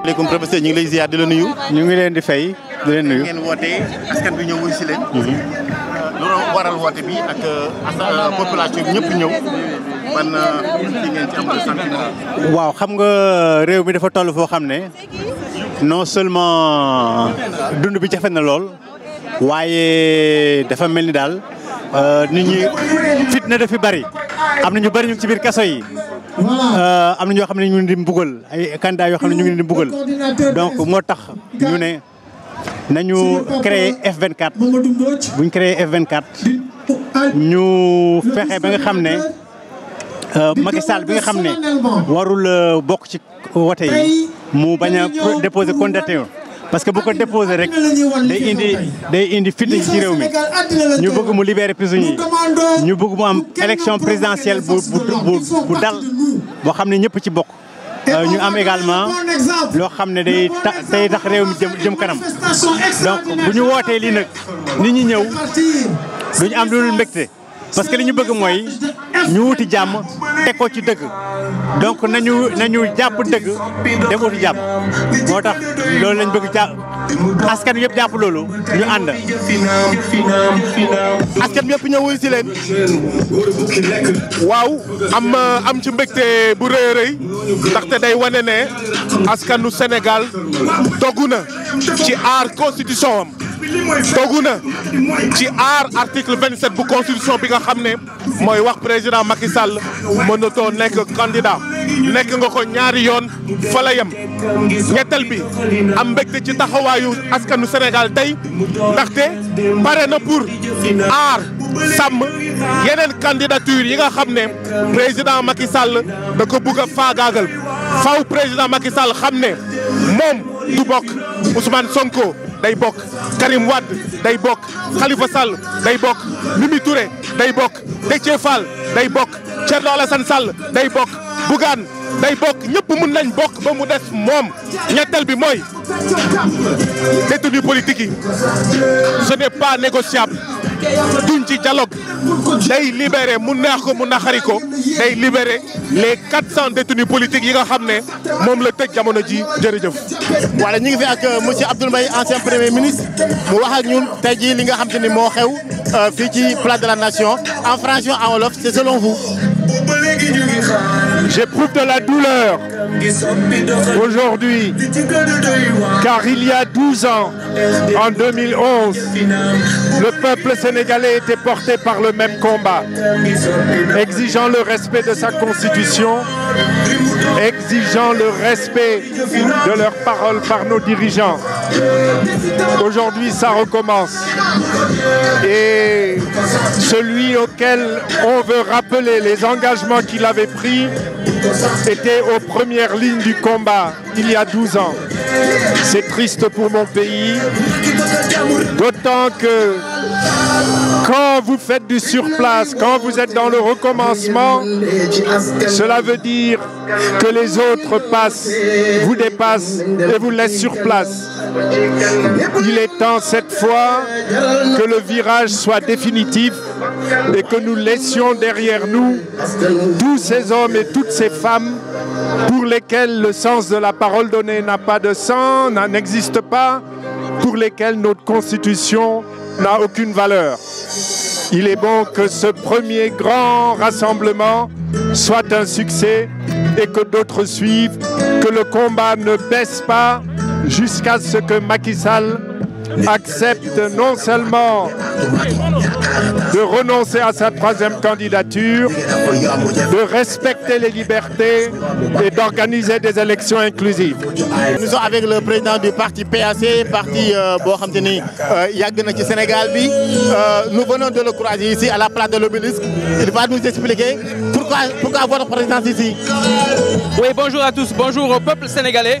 asalaamaaleykum professeur ñu ngi lay ziar di la nuyu. ñu ngi leen di fay di leen nuyu. ngeen woote askan bi ñëw wuy mhm. euh, waral woote bi ak euh, as euh, ñëpp ñëw. man ci waaw xam nga réew mi dafa toll foo xam ne non seulement dund bi jafet na lool waaye dafa mel ni daal nit ñi fitna dafi bari am na ñu bari ñu ci biir kaso yi. Euh, am na ñoo xam ne ñu ngi di mbugal ay candidats yoo xam ne ñu ngi di mbugal donc moo tax ñu ne nañu créer F24 bu ñu créer F24 ñu fexe ba nga xam ne euh, Macky Sall bi nga xam ne warul euh, bokk ci wote yi mu bañ a déposer candidature parce que bu ko déposé rek day indi day indi fitna ci réew mi ñu bëgg mu libérer prisonniers yi ñu bëgg mu am élection présidentielle bu bu bu dal boo xam ne ñëpp ci bokk. Euh, ñu am également loo xam ne day tax day tax réew mi jëm jëm kanam donc bu ñu wootee lii nag ni ñu ñëw duñu am lu dul mbégte parce que li ñu bëgg mooy. ñu wuti jàmm teg ko ci dëgg donc nañu nañu jàpp dëgg dem wuti jàmm moo tax loolu lañ bëgg jàpp askan yëpp jàpp loolu ñu ànd askan yëpp ñëw wuy si leen waaw am am ci mbégte bu rëy a rëy day wane ne askanu Sénégal dogu na ci aar constitution am dogu na ci aar article 27 bu constitution bi nga xam ne mooy wax président Macky Sall mënatoo nekk candidat nekk nga ko ñaari yoon fa la yem ñettal bi am mbégte ci taxawaayu askanu Sénégal tey ndaxte pare na pour aar sàmm yeneen candidature yi nga xam ne président Macky Sall da ko bugg a faagaagal faw président Macky Sall xam ne moom du bokk Ousmane Sonko day bokk Karim Wade day bokk Khalifa sàll day bokk Mimi Touré day bokk Déthié Fall day bokk Thierno Alassane Sall day bokk Bougane day bokk ñëpp mën nañ bokk ba mu des moom ñetteel bi mooy détenu politique yi ce n'est pas négociable duñ ci dialogue day libéré mu neex ko mu naxari ko day libéré les 400 détenus politiques yi nga xam ne moom la tëj jamono ji jërëjëf. wala ñu ngi fi ak euh, monsieur Abdoul Mbaye ancien premier ministre mu wax ak ñun tey jii li nga xam te ni moo xew euh, fii ci place de la nation en français en wolof c'est selon vous. J'éprouve de la douleur aujourd'hui, car il y a 12 ans, en le peuple sénégalais était porté par le même combat, exigeant le respect de sa constitution, exigeant le respect de leurs paroles par nos dirigeants. Aujourd'hui, ça recommence. Et celui auquel on veut rappeler les engagements qu'il avait pris était aux premières lignes du combat il y a 12 ans. C'est triste pour mon pays, d'autant que Quand vous faites du surplace, quand vous êtes dans le recommencement, cela veut dire que les autres passent, vous dépassent et vous laissent sur place. Il est temps cette fois que le virage soit définitif et que nous laissions derrière nous tous ces hommes et toutes ces femmes pour lesquels le sens de la parole donnée n'a pas de sens, n'existe pas, pour lesquels notre constitution n'a aucune valeur. Il est bon que ce premier grand rassemblement soit un succès et que d'autres suivent, que le combat ne baisse pas jusqu'à ce que Macky Sall accepte non seulement de renoncer à sa troisième candidature, de respecter les libertés et d'organiser des élections inclusives. Nous sommes avec le président du parti PAC, parti euh, boo xam te ni euh, yàgg na ci Sénégal bi euh, nous venons de le croiser ici à la place de l'Obélisque. Il va nous expliquer pourquoi pourquoi votre présence ici. Oui, bonjour à tous, bonjour au peuple sénégalais.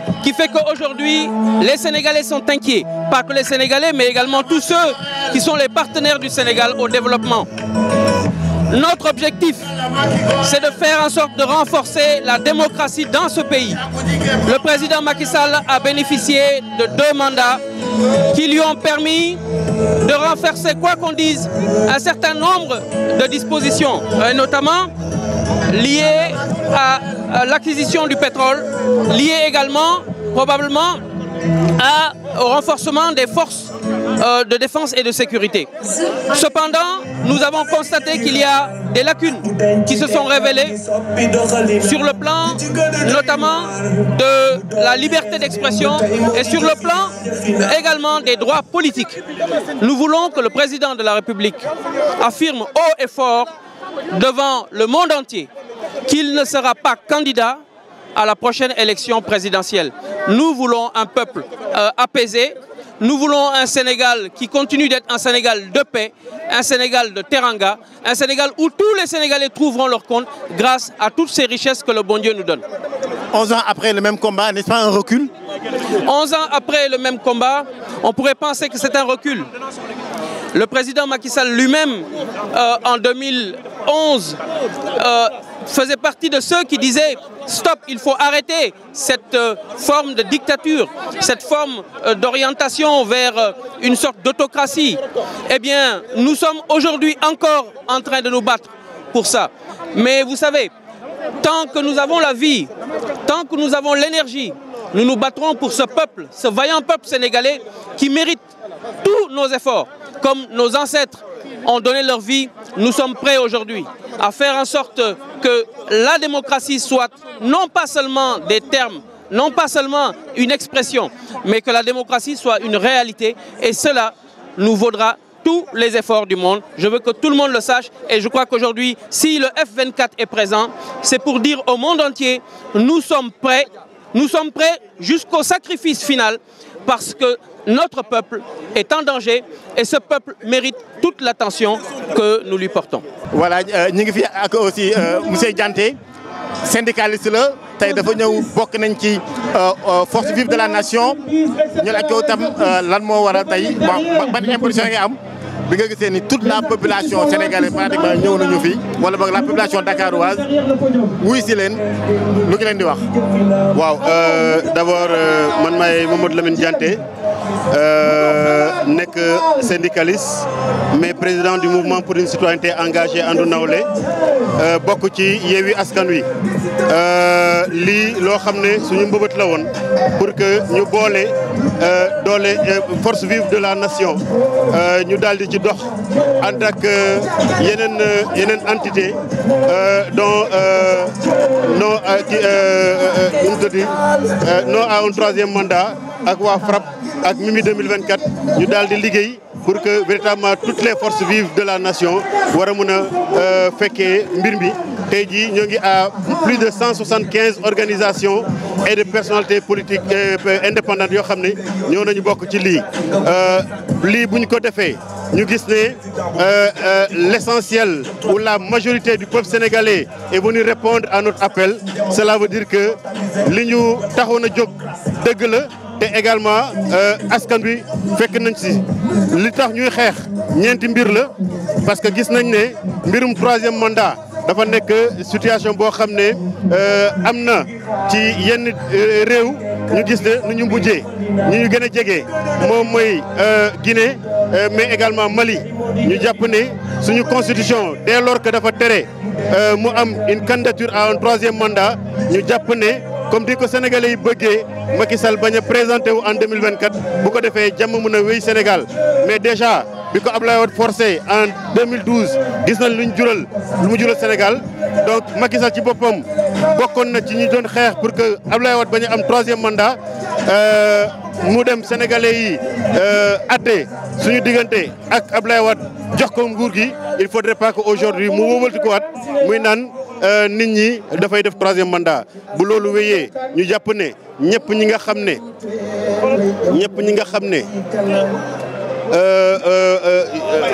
qui fait qu'aujourd'hui, les Sénégalais sont inquiets. Pas que les Sénégalais, mais également tous ceux qui sont les partenaires du Sénégal au développement. Notre objectif, c'est de faire en sorte de renforcer la démocratie dans ce pays. Le président Macky Sall a bénéficié de deux mandats qui lui ont permis de renforcer, quoi euh, à l'acquisition du pétrole, liées également probablement à, au renforcement des forces euh, de défense et de sécurité. Cependant, nous avons constaté qu'il y a des lacunes qui se sont révélées sur le plan notamment de la liberté d'expression et sur le plan également des droits politiques. Nous voulons que le président de la République affirme haut et fort devant le monde entier qu'il ne sera pas candidat à la prochaine élection présidentielle. Nous voulons un peuple euh, apaisé, nous voulons un Sénégal qui continue d'être un Sénégal de paix, un Sénégal de teranga, un Sénégal où tous les Sénégalais trouveront leur compte grâce à toutes ces richesses que le bon Dieu nous donne. 11 ans après le même combat, n'est-ce pas un recul 11 ans après le même combat, on pourrait penser que c'est un recul. Le président Macky Sall lui-même, euh, en 2011, euh, faisait partie de ceux qui disaient stop, il faut arrêter cette euh, forme de dictature, cette forme euh, d'orientation vers euh, une sorte d'autocratie. Eh bien, nous sommes aujourd'hui encore en train de nous battre pour ça. Mais vous savez, tant que nous avons la vie, tant que nous avons l'énergie, nous nous battrons pour ce peuple, ce vaillant peuple sénégalais qui mérite tous nos efforts, comme nos ancêtres ont donné leur vie, nous sommes prêts aujourd'hui à faire en soit non pas seulement des termes, non pas seulement une expression, mais que la démocratie soit une réalité et cela nous vaudra tous les efforts du Je veux que tout le monde le sache et je crois qu'aujourd'hui, si le F24 est présent, c'est pour dire au monde entier, nous sommes prêts, nous sommes notre peuple est en danger et ce peuple mérite toute l'attention que nous lui portons. voilà euh, ñu ngi fi ak aussi euh, monsieur Dianté syndicaliste la tey dafa ñëw bokk nañ ci euh, force vive de la nation ñu laaj ko tam lan moo waral tey ban impression nga am bi nga gisee ni toute la population sénégalaise pratiquement ñëw na ñu fi wala boog la population dakaroise wuy si leen lu ngi leen di wax. waaw d'abord man maay Mamadou Lamine Dianté. Euh, nekk syndicaliste mais président du mouvement pour une citoyenneté engagée Andu Nawlé euh, bokk ci Yewwi Askan Wi euh, lii loo xam ne suñu mbëbët la woon pour que ñu boole doole force vive de la nation ñu daal di ci dox ànd ak yeneen yeneen entité dont non non à un mandat ak waa FRAPP ak Mimi 2024 ñu daal di liggéey pour que véritablement toutes les forces vives de la nation war a mën a euh, fekkee mbir mi tey jii ñoo ngi à plus de 175 organisations et de personnalités politiques euh, indépendantes yoo xam ne ñëw nañu bokk ci lii euh, lii bu ñu ko defee ñu gis ne l'essentiel ou la majorité du peuple sénégalais est venu répondre à notre appel cela veut dire que li ñu taxoon a jóg dëgg la te également euh, askan bi fekk nañ si li tax ñuy xeex ñeenti mbir la parce que gis nañ ne mbirum troisième mandat dafa nekk situation boo xam ne euh, am na ci yenn euh, réew ñu gis ne nu ñu mujjee ñu ñu gën a jege moom mooy Guinée mais également Mali ñu jàpp ne suñu constitution dès lors que dafa tere mu am une candidature à un troisième mandat ñu jàpp ne. comme di ko sénégalais yi bëggee Macky Sall bañ a présenté wu en 2024 bu ko defee jàmm mën a wéy Sénégal mais déjà bi ko Abdoulaye Wade forcé en 2012 gis nañ lu jural lu mu jural Sénégal donc Macky ci boppam bokkoon na ci ñi doon xeex pour que Abdoulaye Wade bañ a am troisième mandat euh, mu dem sénégalais yi euh, atte suñu diggante ak Abdoulaye Wade jox ko nguur gi il faudrait pas que aujourd'hui mu wóobalti muy naan Euh, nit ñi dafay def troisième mandat bu loolu wéyee ñu jàpp ne ñëpp ñi nga xam ne ñëpp ñi nga xam ne euh, euh,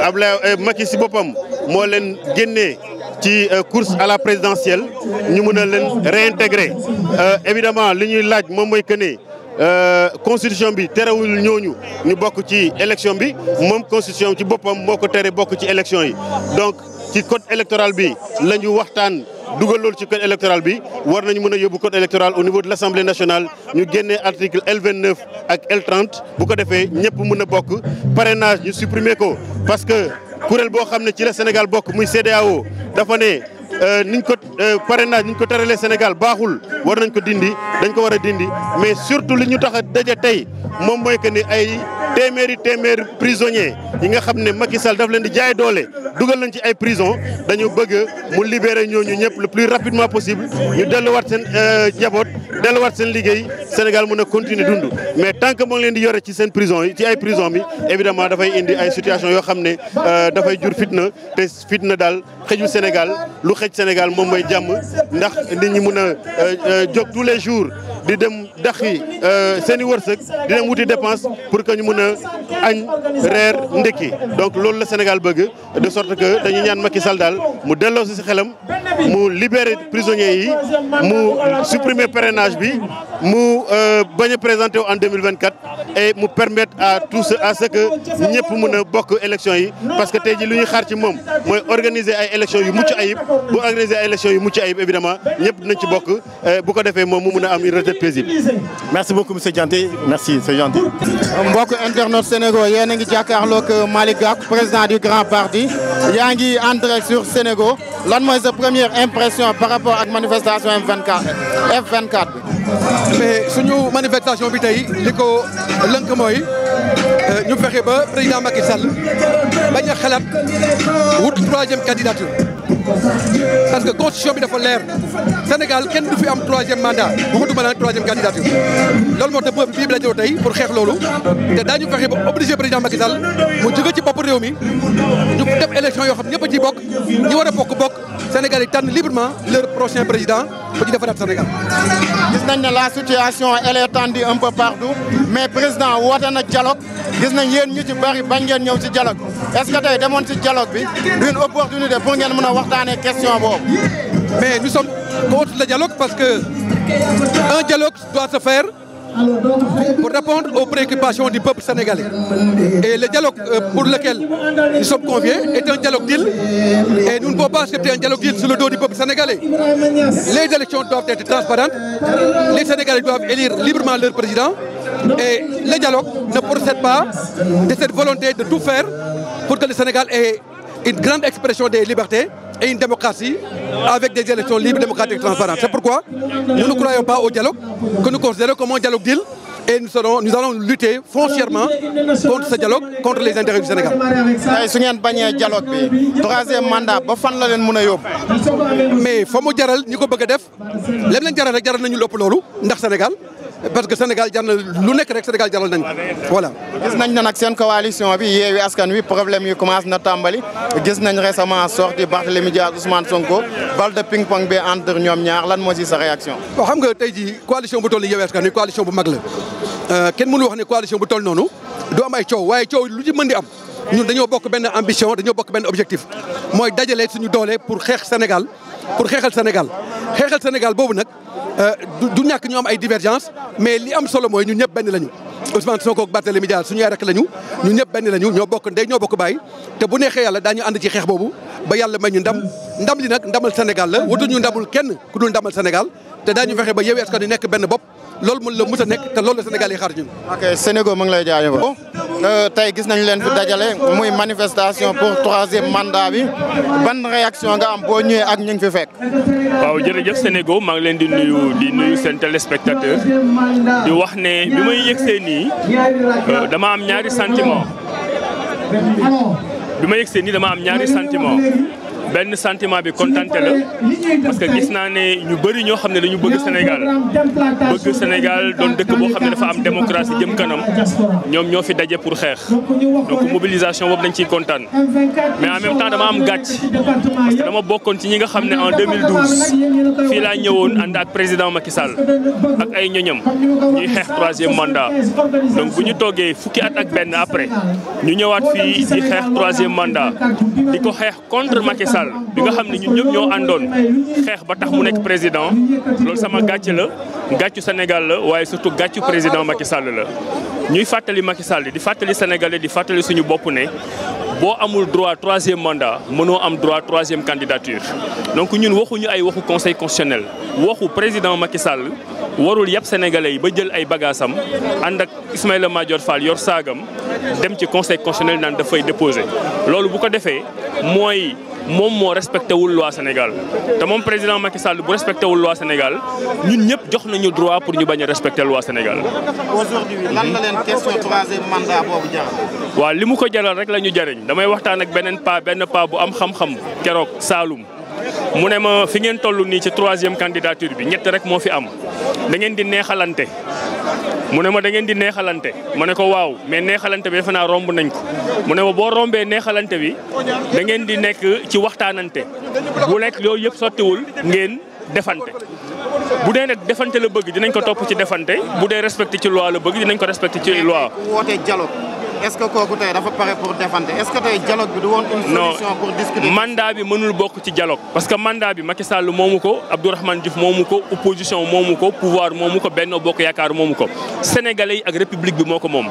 Abdoulaye Macky si boppam moo leen génnee ci course à la présidentielle ñu mën a leen réintégrer évidemment li ñuy laaj moom mooy que ne constitution bi terewul ñooñu ñu bokk ci élection bi moom constitution ci boppam moo ko tere bokk ci élection yi donc ci code électoral bi la waxtaan dugal loolu ci code électoral bi war nañu mën a yóbbu code électoral au niveau de l' assemblée nationale ñu génnee article l ak L30 bu ko defee ñëpp mën a bokk parrainage ñu supprimer ko parce que kuréel boo xam ne ci la Sénégal bokk muy CEDEAO dafa ne euh, niñ ko euh, parrainage niñ ko baaxul war nañ ko dindi dañ ko war a dindi mais surtout li ñu tax a tey moom mooy que ni ay téeméeri téeméer prisonnier yi nga xam ne Macky Sall daf leen di jaay doole dugal nañ ci ay prison dañu bëgg mu libérer ñooñu ñëpp le plus rapidement possible ñu delluwaat seen euh, njaboot delluwaat seen liggéey Sénégal mën a continuer dund mais tant que moo leen di yore ci seen prison yi ci ay prison bi évidemment dafay indi ay situation yoo xam ne euh, dafay jur fitna te fitna daal xëjul Sénégal lu xëj Sénégal moom mooy jàmm ndax nit ñi mën a euh, jóg tous les jours di dem daxi euh, seen i wërsëg di dem wuti dépense pour que ñu mën a añ reer ndekki donc loolu la Sénégal bëgg de sorte que dañu ñaan Macky Sall daal mu delloo si si xelam mu libérer prisonniers yi mu supprimer parrainage bi mu euh, bañ a présenté wu en 2024 et mu permettre à tout ce que ñëpp mën a bokk élection yi parce que tey ji lu ñuy xaar ci moom mooy organiser ay élection yu mucc ayib bu organiser ay élection yu mucc ayib évidemment ñëpp dinañ ci bokk euh, bu ko defee moom mu mën a am une retraite paisible. merci beaucoup monsieur Dianté merci c'est gentil. mbokk internaute Sénégal yéen a ngi jàkkaarloog euh, Malick Gakou président du grand parti yaa ngi en direct sur Sénégal lan mooy sa première impression par rapport ak manifestation F24 F24 mais suñu manifestation bi tey li ko lënk mooy euh, ñu fexe ba président Macky Sall bañ a xalaat wut troisième candidature. parce que constitution bi dafa leer Sénégal kenn du fi am troisième mandat waxatuma la nag troisième candidature loolu moo tax peuple bii bi la tey pour xeex loolu te daañu fexe ba obligé président Macky mu jóge ci bopp réew mi ñu def élection yoo xam ñëpp a ciy bokk ñi war a bokk Sénégal yi tànn librement leur prochain président ba ñu defaraat Sénégal. gis nañ la situation elle est tendue un partout mais président woote na dialogue. gis nañ yéen ñu ci bari bañ ngeen ñëw ci dialogue est-ce que tey demoon ci dialogue bi du une opportunité ngeen mën a waxtaanee question boobu. mais nous sommes contre le dialogue parce que un dialogue doit se faire pour répondre aux préoccupations du peuple sénégalais. Et le dialogue euh, pour lequel nous sommes conviés est un dialogue d'île et nous ne pouvons sur le dos du peuple sénégalais. Les élections doivent élire librement leur président. Et le dialogue ne procède pas de cette volonté de tout faire pour que le Sénégal ait une grande expression des libertés et une démocratie avec des élections libres, démocratiques et transparentes. C'est pourquoi nous ne croyons pas au dialogue, que nous considérons comme un dialogue d'île et nous, serons, nous allons lutter foncièrement contre ce dialogue, contre les intérêts du Sénégal. tey su ngeen bañee dialogue bi troisième mandat ba fan la leen mën a yóbbu. mais fa mu jaral ñi ko bëgg a def leen leen jaral rek nañu lépp loolu ndax Sénégal. parce que Sénégal jar na lu nekk rek Sénégal jaral nañ ko gis nañ ne nag seen coalition bi Yewwi Askan Wi problème yi commencé na tàmbali gis nañ récemment sorti Barthélémy Dias Ousmane Sonko bal de ping pong bi entre ñoom ñaar lan moo ci sa réaction. waaw xam nga tey jii coalition bu toll nii Yewwi Askan Wi coalition bu mag la euh, kenn mënu wax ne coalition bu toll noonu du am ay coow waaye coow lu ci mën di am. ñun dañoo bokk benn ambition dañoo bokk benn objectif mooy dajale suñu doole pour xeex Sénégal pour xeexal Sénégal xeexal Sénégal boobu nag euh, du ñàkk ñu am ay divergence mais li am solo mooy ñu ñëpp benn lañu. Ousmane Sonko ak Barthélémy Dias suñu yaay rek lañu ñu ñëpp benn lañu ñoo bokk ndey ñoo bokk baay te bu neexee yàlla daañu ànd ci xeex boobu ba yàlla may ñu ndam ndam li nag ndamal Sénégal la ñu ndamul kenn ku dul ndamal Sénégal te daa ñu fexe ba Yewwi Askan Wi nekk benn bopp loolu mën la mës a nekk te lool la Sénégal yi xaar ñun. ok Sénégal ngi lay jaajëfal Euh, tey gis nañ leen fi dajale muy manifestation pour troisième mandat bi ban réaction nga am boo ñëwee ak ñu ngi fi fekk. waaw jërëjëf Sénégal maa leen di nuyu di nuyu seen téléspectateur di wax ne bi may yegsee nii euh, dama am ñaari sentiment bi ma seen nii dama am ñaari sentiment benn sentiment bi kontante la parce que gis naa ne ñu bëri ñoo xam ne dañu bëgg Sénégal bëgg Sénégal doon dëkk boo xam ne dafa am démocratie jëm kanam ñoom ñoo fi daje pour xeex donc mobilisation boobu dañ ciy kontaan. mais en même temps dama am gàcc parce que dama bokkoon ci ñi nga xam ne en 2012 fii laa ñëwoon ànd ak président Macky Sall ak ay ñoñam ñuy xeex troisième mandat donc bu ñu toogee fukki at ak benn après ñu ñëwaat fii di xeex troisième mandat di Sall bi nga xam ne ñun ñëpp ñoo àndoon xeex ba tax mu nekk président loolu sama gàcc la gàccu Sénégal la waaye surtout gàccu président Macky Sall la. ñuy fàttali Macky Sall di fàttali sénégalais di fàttali suñu bopp ne boo amul droit troisième mandat mënoo am droit troisième candidature donc ñun waxuñu ay waxu conseil constitutionnel waxu président Macky Sall warul yàpp sénégalais yi ba jël ay bagaasam ànd ak Ismaïla Madior Fall yor saagam dem ci conseil constitutionnel naan dafay déposé moom moo respecté wul loi Sénégal te moom président Macky Sall bu respecté wul loi Sénégal ñun ñëpp jox nañu droit pour ñu bañ a respecté loi Sénégal. aujourd'hui lan la li mu ko jaral rek la ñu jariñ damay waxtaan ak beneen pa benn paa bu am xam-xam keroog Saalum. mu ne ma fi ngeen toll nii ci troisième candidature bi ñett rek moo fi am da ngeen di neexalante mu ne ma da ngeen di neexalante ma ne ko waaw mais neexalante bi defe romb nañ ko mu ne ma boo rombee neexalante bi da ngeen di nekk ci waxtaanante bu nekk yooyu yëpp sottiwul ngeen defante bu dee nag defante la bëgg dinañ ko topp ci defante bu dee respecté ci loi la bëgg dinañ ko respecté ci loi woote est-ce que kooku tey dafa pare pour défendre est-ce bi mënul bokk ci dialogue. parce que mandat bi Macky Sall moomu ko Abdourahmane Diouf moomu ko opposition moomu ko pouvoir moomu ko Benno Bokk Yaakaar moomu ko sénégalais yi ak république bi moo ko moom.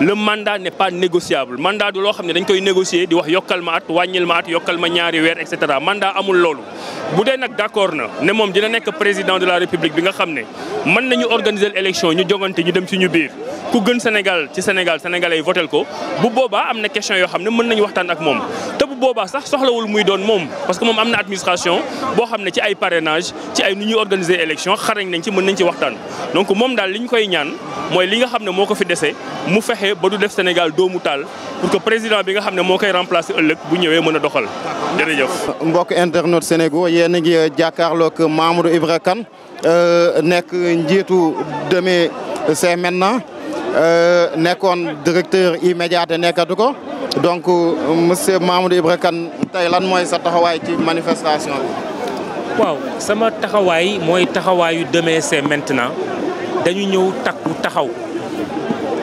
le mandat n'est pas négociable mandat du loo xam ne dañ koy négocier di wax yokkal ma at wàññil ma at yokkal ma ñaari weer et cetera mandat amul loolu. bu dee nag d'accord na ne moom dina nekk président de la république bi nga xam ne mën nañu organiser élection ñu jongante ñu dem suñu biir. ku gën Sénégal ci Sénégal sénégalais yi votel ko bu boobaa am na question yoo xam ne mën nañu waxtaan ak moom te bu boobaa sax soxlawul muy doon moom parce que moom am na administration boo xam ne ci ay parrainage ci ay nu ñuy organiser élection xarañ nañ ci mën nañ ci waxtaan donc moom daal li koy ñaan mooy li nga xam ne moo ko fi dese mu fexe ba du def Sénégal doomu taal pour que président bi nga xam ne moo koy remplacer ëllëg bu ñëwee mën a doxal jërëjëf a Euh, nekkoon directeur immédiat te nekkatu ko donc monsieur Mamadou Ibra kan tey lan mooy sa taxawaay ci manifestation waaw sama taxawaay mooy taxawaayu demee c'est maintenant dañu ñëw takku taxaw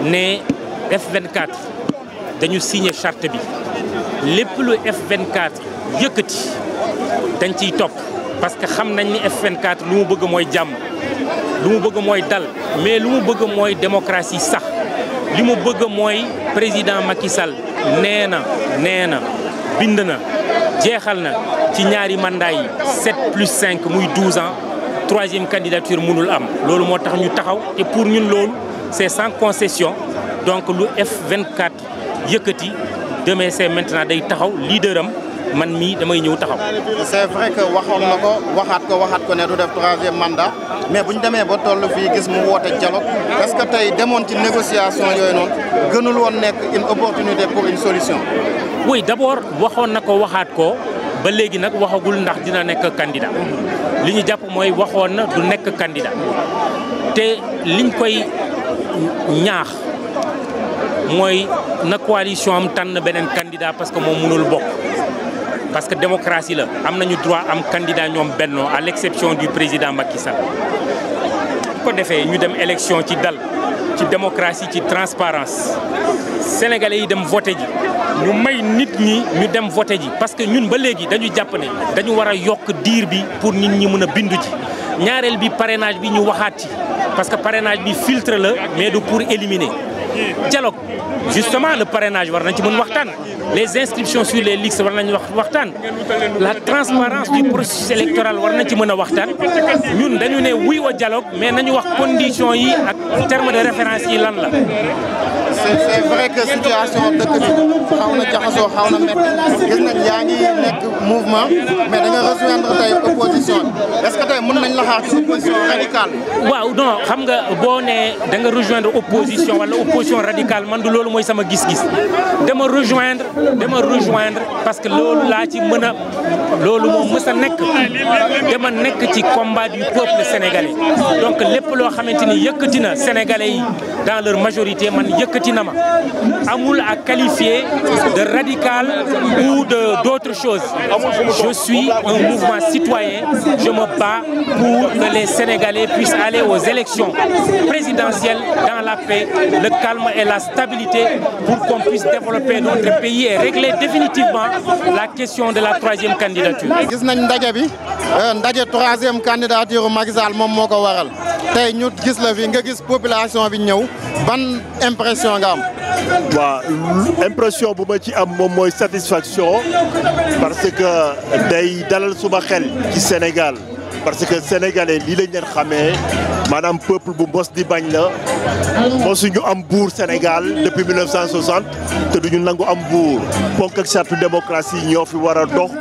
ne F24 dañu signe charte bi lépp lu F24 yëkkati dañ ciy topp parce que xam nañ ni F24 lu mu bëgg mooy jàmm. lu mu bëgg mooy dal mais lu mu bëgg mooy démocratie sax li mu bëgg mooy président Macky Sall nee na nee na bind na jeexal na ci ñaari mandat yi 7 plus 5 muy 12 ans troisième candidature mënul am loolu moo tax ñu taxaw te pour ñun loolu c'est sans concession donc lu F24 yëkkati demee c'est maintenant day taxaw leader man mii damay ñëw taxaw. c'est vrai que waxoon na ko waxaat ko waxaat ko ne du def troisième mandat mais bu ñu demee ba toll fii gis mu woote dialogue parce que tey demoon ci négociation yooyu noonu gënul woon nekk une opportunité pour une solution. oui d'abord waxoon na ko waxaat ko ba léegi nag waxagul ndax dina nekk candidat mhm. li ñu jàpp mooy waxoon na du nekk candidat te liñ koy ñaax mooy na coalition am tànn beneen candidat parce que moom mënul bokk. parce que démocratie la am nañu droit am kandidaa ñoom Benno à l'exception du président Macky Sall bu ko defee ñu dem élection ci dal ci démocratie ci transparence sénégalais yi dem voté ji ñu may nit ñi ñu dem voté ji parce que ñun ba léegi dañu jàpp ne dañu war a yokk diir bi pour nit ñi mën a bindu ji ñaareel bi parenage bi ñu waxaat ci parce que parrainage bi filtre la mais du pour éliminer dialogue justement le parrainage war nañ ci mën waxtaan les inscriptions sur les listes war nañ wax waxtaan la transparence du processus électoral war nañ ci mën a waxtaan ñun dañu ne oui au dialogue mais nañu wax conditions yi ak terme de référence yi lan la c'est vrai que situation mais da nga que mën nañ la xaar ci opposition waaw non xam nga boo ne danga nga rejoindre opposition wala opposition radicale man du loolu mooy sama gis-gis dama rejoindre dama parce que loolu laa ci mën a loolu moo mës a nekk dama nekk ci combat du peuple sénégalais donc lépp loo xamante ni yëkkati na sénégalais leur majorité man yëkkati Kinama amul à qualifier de radical ou de d'autres choses je suis un mouvement citoyen je me bats pour que les Sénégalais puissent aller aux élections présidentielles dans la paix le calme et la stabilité pour qu'on puisse développer notre pays et régler définitivement la question de la troisième candidature gis nañ ndaje bi euh, ndaje troisième candidature Macky Sall moom moo ko waral tey gis la fi nga gis population bi ñëw ban impression nga am. impression bu ma ci am moom mooy satisfaction parce que day dalal suba xel ci Sénégal parce que sénégalais lii lañ leen xamee maanaam peuple bu mbos di bañ la mosuñu am buur Sénégal depuis 1960 te duñu nangu am buur ponk ak sartu démocratie ñoo fi war a dox.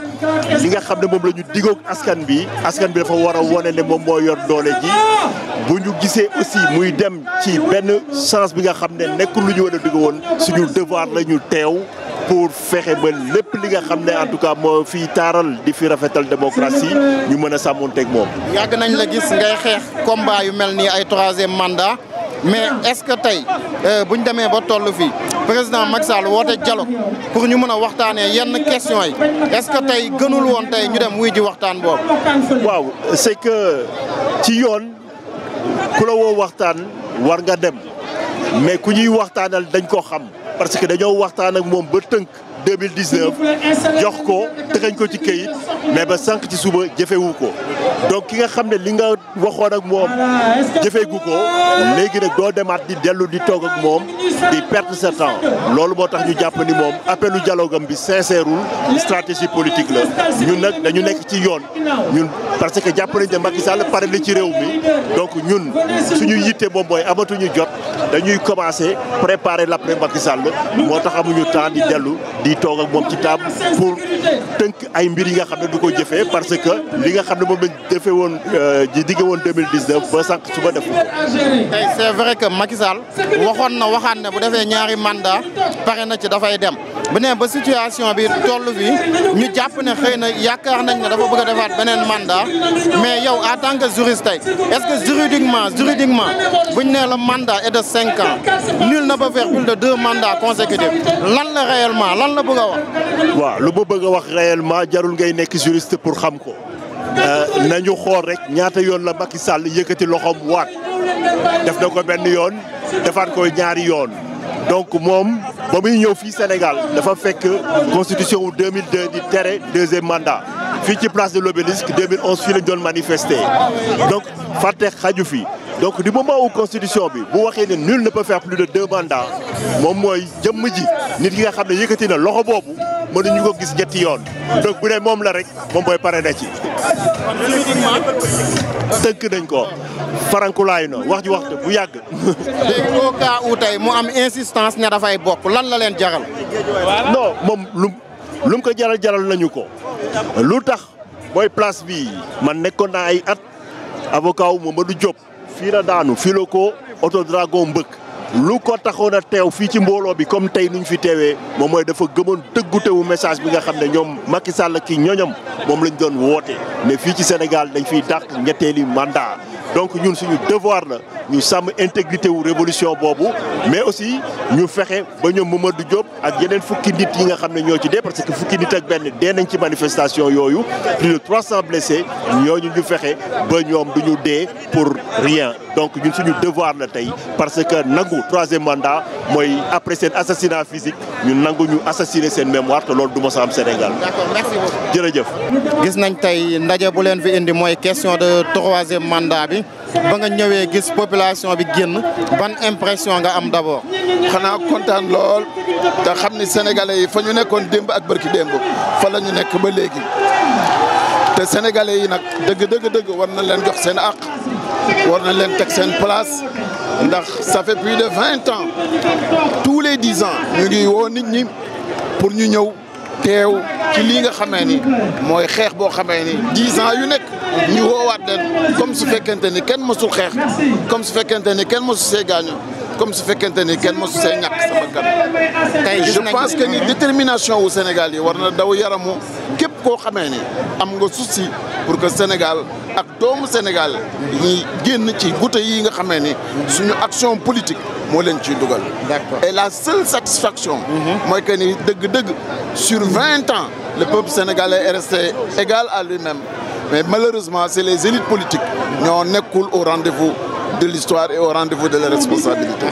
li nga xam ne moom la ñu digoog askan bi askan bi dafa war a wone ne moom moo yor doole ji bu ñu gisee aussi muy dem ci benn chance bi nga xam ne nekkul lu ñu war a digg woon suñu devoir la ñu teew pour fexe ba lépp li nga xam ne en tout cas moo fiy taaral di fi rafetal démocratie ñu mën a sàmmonteeg moom. yàgg nañ la gis ngay xeex combat yu mel ni ay troisième mandat. mais est-ce que tey euh, bu ñu demee ba toll fii président Macky Sall woote pour ñu mën a waxtaanee yenn question yi est-ce que tey kënul woon tey ñu dem wuy ji waxtaan boobu. waaw c'est que ci yoon ku la woo waxtaan war nga dem mais ku ñuy waxtaanal dañ ko xam parce que dañoo waxtaan ak moom ba tënk. 2019 jox ko tëxañ ko ci këyit mais ba sànq ci suba jëfewu ko donc ki nga xam ne li nga waxoon ak moom jëfee gu ko léegi nag doo demaat di dellu di toog ak moom di perte sa temps loolu moo tax ñu jàpp ni moom appelu dialogue am bi sincèreul stratégie politique la ñun nag dañu nekk ci yoon ñun parce que jàpp nañ Sall pare li ci réew mi donc ñun suñu yitte moom mooy amatuñu jot dañuy commencer préparer l'après Macky Sall moo tax amuñu temps di dellu di toog ak moom ci table pour tënk ay mbir yi nga xam ne du ko jëfee defee woon euh, ji digge woon 2019 ba sànq su ko def. tey c'est vrai que Macky Sall waxoon na waxaat ne bu defee ñaari mandat pare na ci dafay dem beneen ba situation bi toll fi ñu jàpp ne xëy na yaakaar nañ ne dafa bëgg a defaat beneen mandat mais yow en tant que juriste tey est-ce que juridiquement juridiquement buñ nee la mandat est de cinq ans nul ne peut faire plus de deux mandats consécutifs lan la réellement lan la bëgg a wax. waaw lu ma bëgg a wax réellement jarul ngay nekk juriste pour xam ko. Euh, nañu xool rek ñaata yoon la Macky sàll yëkkati loxoom waat def na ko benn yoon defaat ko ñaari yoon. donc moom ba muy ñëw fii Sénégal dafa fekk constitution wu 2002 di tere deuxième mandat fii ci place de l'Obélisque 2011 fii lañ doon manifester donc fàtte xaju fi. donc du ma où constitution bi bu waxee ne nul ne peut faire plus de deux mandats moom mooy jëmm ji nit ki nga xam ne yëkkati na loxo boobu mënuñu ko gis ñetti yoon donc bu dee moom la rek moom mooy pare na ci. tënk nañ ko farankulaayu na wax ji wax bu yàgg. tey au cas mu am insistance ne dafay bokk lan la leen jaxal non moom lu lu ko jaral jaral nañu ko. lu tax mooy place bi man nekkoon naa ay at avocat wu du Diop. fii la daanu filoko oto dragon mbëkk lu ko taxoon a teew fii ci mbooloo bi comme tey ñu fi teewee moom mooy dafa gëmoon dëggutewu message bi nga xam ne ñoom Macky Sall ki ñoñom moom lañ doon woote ne fii ci Sénégal dañ fiy dàq ñetteeli mandat donc ñun suñu devoir la ñu sàmm intégrité wu révolution boobu mais aussi ñu fexe ba ñoom Mamadou Diop ak yeneen fukki nit yi nga xam ne ñoo ci dee parce que fukki nit ak benn dee nañ ci manifestation yooyu plus de 300 blessés ñooñu ñu fexe ba ñoom ñu dee pour rien donc ñun suñu devoir la tey parce que nangu troisième mandat mooy après seen assassinat physique ñu nangu ñu assassiner seen mémoire te loolu du ma sa Sénégal. jërëjëf. gis nañ tey ndaje bu leen fi indi mooy question de troisième mandat bi. bi ba nga ñëwee gis population bi génn ban impression nga am d'abord. xanaa kontaan lool te xam ni sénégalais yi fa ñu nekkoon démb ak bërki démb fa la ñu nekk ba léegi te sénégalais yi nag dëgg dëgg dëgg leen jox seen àq war na leen teg seen place. ndax ça fait plus de vingt ans tous les dix ans ñu ngi woo nit ñi pour ñu ñëw. teew ci lii nga xamee ni mooy xeex boo xamee ni dix ans yu nekk ñu woowaat leen comme su fekkente ni kenn mësul xeex comme su fekkente ni kenn mësul see gaañu comme su fekkente ni kenn mësul see ñàkk sama kan tey je pense que ni détermination wu Sénégal yi war na daw yaramu képp koo xamee ni am nga si pour que Sénégal ak doomu Sénégal ñi génn ci gouta yi nga xamee ni suñu action politique moo leen ciy dugal. e et la seule satisfaction. Mhm. mooy que ni dëgg-dëgg sur vingt ans le peuple sénégalais est resté égal à lui-même mais malheureusement c'est les élites politiques ñoo nekkul au rendez-vous. de l'histoire et au rendez de la responsabilité.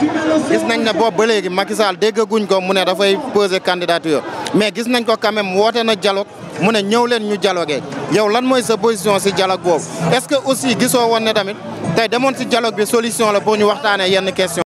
gis nañ ne boobu ba léegi Macky Sall déggaguñ ko mu ne dafay poser candidature mais gis nañ ko quand même woote na dialogue mu ne ñëw leen ñu dialogué yow lan mooy sa position si dialogue boobu est-ce que aussi gisoo woon ne tamit tey demoon ci dialogue bi solution la pour ñu waxtaanee yenn question